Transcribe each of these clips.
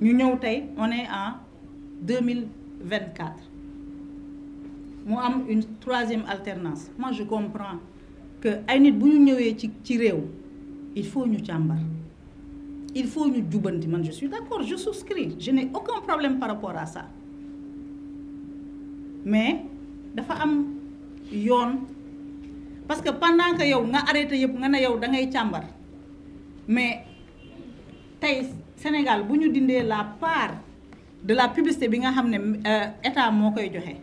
ñu ñëw tey deux mille vingt quatre mu am une troisième alternance moi je comprends que ay nit bu ñu ñëwee ci ci réew il faut ñu càmbar il faut ñu jubanti man je suis d'accord je souscris je n'ai aucun problème par rapport à ça mais dafa am yoon parce que pendant yow nga arrêté yëpp nga ne yow da ngay càmbar mais tey Sénégal bu ñu dindee la part de la publicité bi nga xam ne euh, état moo koy joxe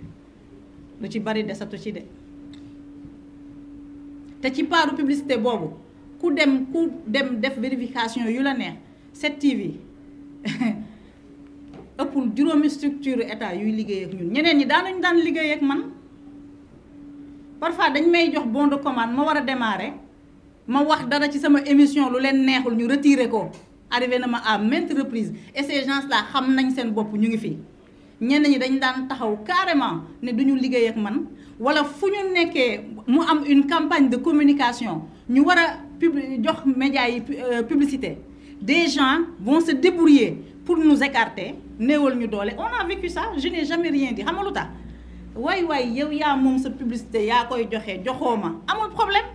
lu ci bari desatu ci de te ci paaru publicité boobu ku dem ku dem def vérification yu la neex 7TV ëppul juróomi structure état yuy liggéey ak ñun ñeneen ñi daan nañu daan liggéey ak man parfois dañ may jox bon de commande ma war a démarrer ma wax dara ci sama émission lu leen neexul ñu retirer ko. arrivé na ma à maintes reprises et ces gens xam nañ seen bopp ñu ngi fii ñenn ñi dañ daan taxaw carrément ne du ñu liggéey ak man wala fu ñu nekkee mu am une campagne de communication ñu war a pub jox médias yi euh, publicité des gens vont se débrouiller pour nous écarter néewal ñu doole on a vécu ça je n'ai jamais rien dit xam nga tax waay waay yow yaa moom sa publicité yaa koy joxe joxoo ma amul problème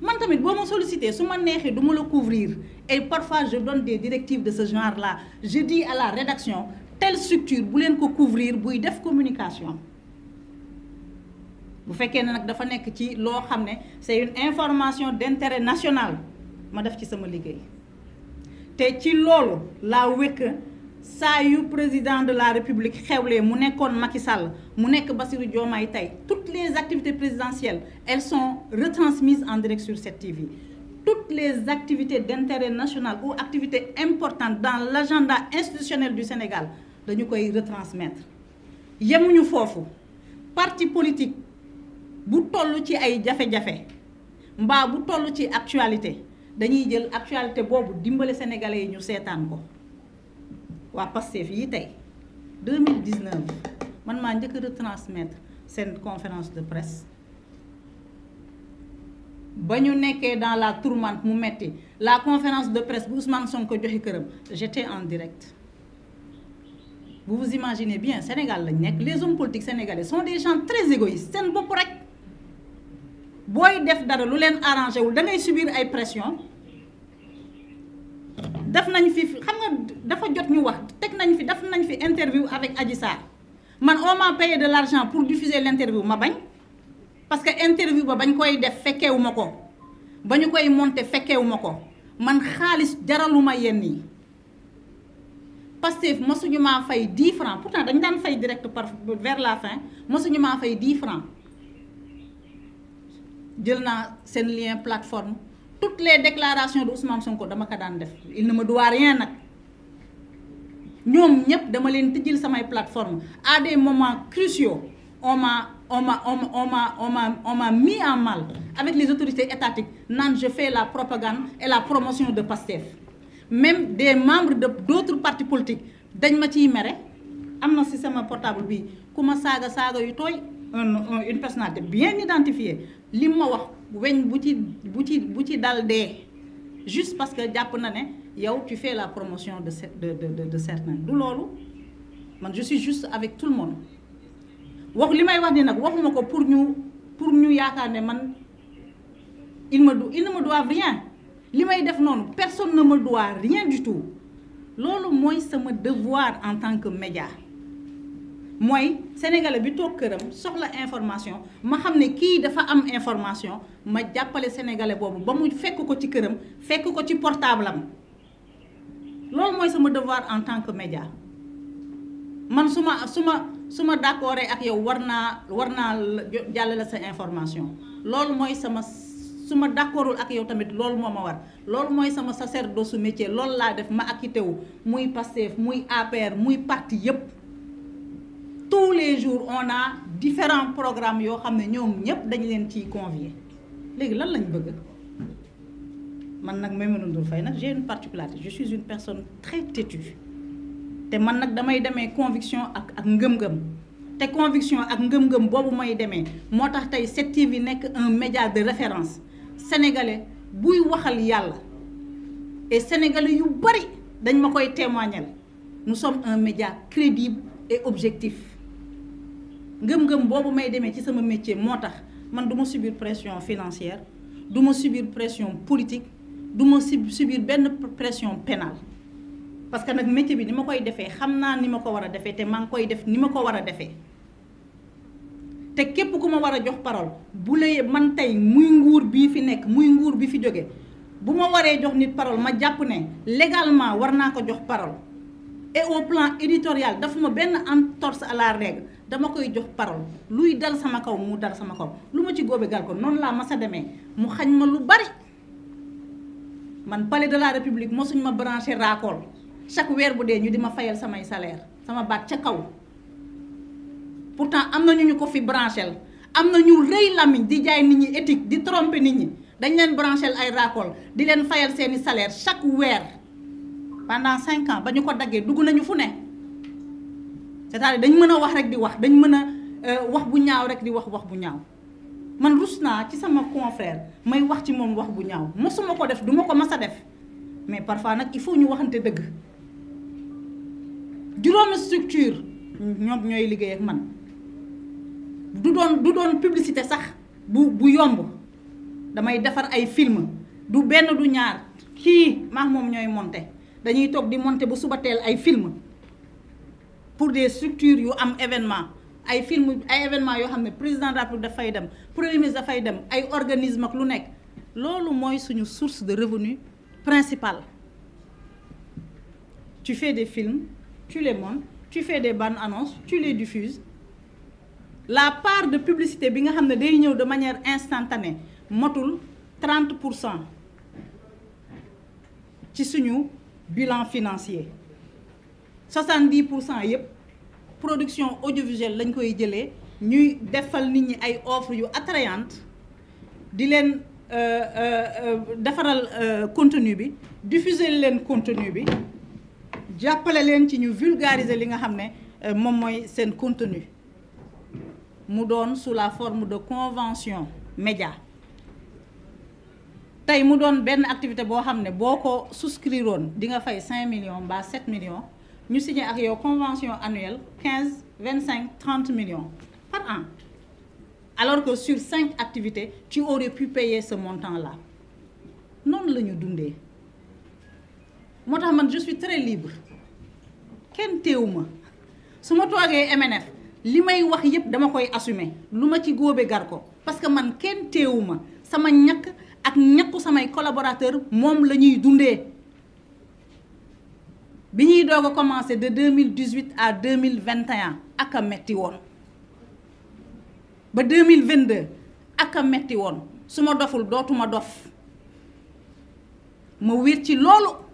man tamit boo ma sollicité su ma neexee du ma la couvrir et parfois je donne des directives de ce genre là je à la rédaction telle structure bu leen ko couvrir buy def communication bu fekkee ne nag dafa nekk ci loo xam ne c'est une information d'intérêt national ma def ci sama liggéey te ci loolu laa wékk saa yu président de la république xewlee mu nekkoon Macky Sall mu nekk Bassirou Diomaye tey toutes les activités présidentielles elles sont retransmises en direct sur cette TV toutes les activités d'intérêt national ou activités importantes dans l'agenda institutionnel du Sénégal dañu koy retransmettre yemuñu foofu parti politique bu toll ci ay jafe-jafe mbaa bu toll ci actualité dañuy jël actualité boobu dimbale sénégalais yi ñu seetaan ko waa Pastef yi tey 2019 man maa njëkk a retransmettre seen conférence de presse ba ñu nekkee dans la tourmente mu metti la conférence de presse bu Ousmane ko joxe këram j'étais en direct vous vous imaginez bien Sénégal lañ nekk les hommes politiques sénégalais sont des gens très égoïstes seen bopp rek booy def dara lu leen arrangé wul da ngay subir ay pression def nañ fi xam nga dafa jot ñu wax teg nañ fi def nañ fi interview avec Adji Sarr man on m'a payé de l'argent pour diffuser l'interview ma bañ parce que interview ba bañ koy def fekkeewu ma ko ba ñu koy monter fekkeewu ma ko man xaalis jaraluma yenn yi Pastef mosuñu maa fay 10 francs pourtant dañ daan fay direct par vers la fin mosuñu maa fay 10 francs jël naa seen lien plateforme toutes les déclarations de Ousmane Sonko dama ko daan def il ne me doit nag ñoom ñëpp dama leen tëjil samay plateforme à des moments cruciaux on m'a on m'a on m'a on m'a on m'a mis en mal avec les autorités étatiques naan je fais la propagande et la promotion de Pastef même des membre de d'autres partis politiques dañ ma ciy mere am na si sama portable bi ku ma saaga saaga yu tooy un une personnalité bien identifiée li ma wax weñ bu ci bu ci bu ci dal dee juste parce que jàpp na ne yow tu fait la promotion de de de de certains du loolu man je suis avec tout le monde wax li may wax ni nag waxuma ko pour ñu pour ñu yaakaar ne man il me il ne me doit rien li may def noonu personne na ma me doit rien du tout loolu mooy sama devoir en tant que média mooy sénégalais bi toog këram soxla information ma xam ne kii dafa am information ma jàppale sénégalais boobu ba mu fekk ko ci këram fekk ko ci portable am loolu mooy sama devoir en tant que média man su ma su ma su ma d'accord ak yow war naa war naa jàllale sa information loolu mooy sama su ma d'accordul ak yow tamit loolu moo ma war loolu mooy sama sacerdoce su métier loolu laa def ma acquitté wu muy Pastef muy APR muy parti yépp tous les jours on a différents programmes yoo xam ne ñoom ñépp dañu leen ciy convier léegi lan lañ bëgg man nag Maimouna Ndour Faye nag j'ai une particularité je suis une personne très têtue te man nag damay demee conviction ak ak ngëm-ngëm te conviction ak ngëm-ngëm boobu may demee moo tax tey 7TV nekk un média de référence sénégalais buy waxal yàlla et sénégalais yu bari dañ ma koy témoigner nu sommes un média crédible et objectif ngëm-ngëm boobu may demee ci sama métier moo tax man du ma subir pression financière du ma subir pression politique du ma subir benn pression penal parce que nag métier bi ni ma koy defee xam naa ni ma ko war a defee te maa ngi koy def ni ma ko war a defee te képp ku ma war a jox parole bu lay man tey muy nguur bi fi nekk muy nguur bi fi jóge bu ma waree jox nit parole ma jàpp ne légalement war naa ko jox parole et au plan éditorial dafa ma benn entorse à la règle dama koy jox parole luy dal sama kaw mu dal sama kaw lu ma ci góobe gal ko noonu laa mas a demee mu xañ ma lu bari man palais de la république mosuñ ma branché raakool chaque weer bu dee ñu di ma fayal samay salaire sama baat ca kaw pourtant am na ñu ñu ko fi branchel am na ñuul rëy làmmiñ di jaay nit ñi éthique di tromper nit ñi dañ leen branchel ay raakool di leen fayal seeni salaire chaque weer pendant cinq ans ba ñu ko daggee dugg nañu fu ne cest à dañ mën a wax rek di wax dañ mën a euh, wax bu ñaaw rek di wax wax bu ñaaw man rus naa ci sama confrère may wax ci moom wax bu ñaaw ma mosuma ko def duma ko mas a def mais parfois nag il faut ñu waxante dëgg juróomi structure ñoom ñooy liggéey ak man du doon du doon publicité sax bu bu yomb damay defar ay film du benn du ñaar kii maax moom ñooy monter dañuy toog di monter bu suba teel ay film pour des structures yu am événement ay film ay événement yoo xam ne président de dafay dem premier ministre dafay dem ay organisme ak lu nekk loolu mooy suñu source de revenu principal tu fais des films tu les montes tu fais des bandes annonces tu les diffuses la part de publicité bi nga xam ne day ñëw de manière instantanée motul 30 pour cent ci suñu bilan financier 70 pour cent yëpp production audiovisuelle lañ koy jëlee ñuy defal nit ñi ay offres yu attrayantes di leen euh, euh, euh, defaral contenu bi diffuser leen contenu bi jàppale leen ci ñu vulgariser li nga xam ne moom mooy seen contenu mu doon sous la forme de convention média tey mu doon benn activité boo xam ne boo ko souscrire woon di nga fay 5 millions mbaa 7 millions. ñu signé ak yow convention annuelle quinze vingt cinq trente millions par an alors que sur cinq activités tu aurais pu payer ce la là noonu la ñu dundee moo tax man je suis très libre kenn teewu ma su ma toogee MNF li may wax yépp dama koy assumer lu ma ci góobe gar ko parce que man kenn teewu ma sama ñàkk ak ñàkku samay collaborateur moom la ñuy dundee doog a commencé de 2018 à 2021 ak a metti woon ba 2022 ak a metti woon su ma doful dootuma dof ma wér ci loolu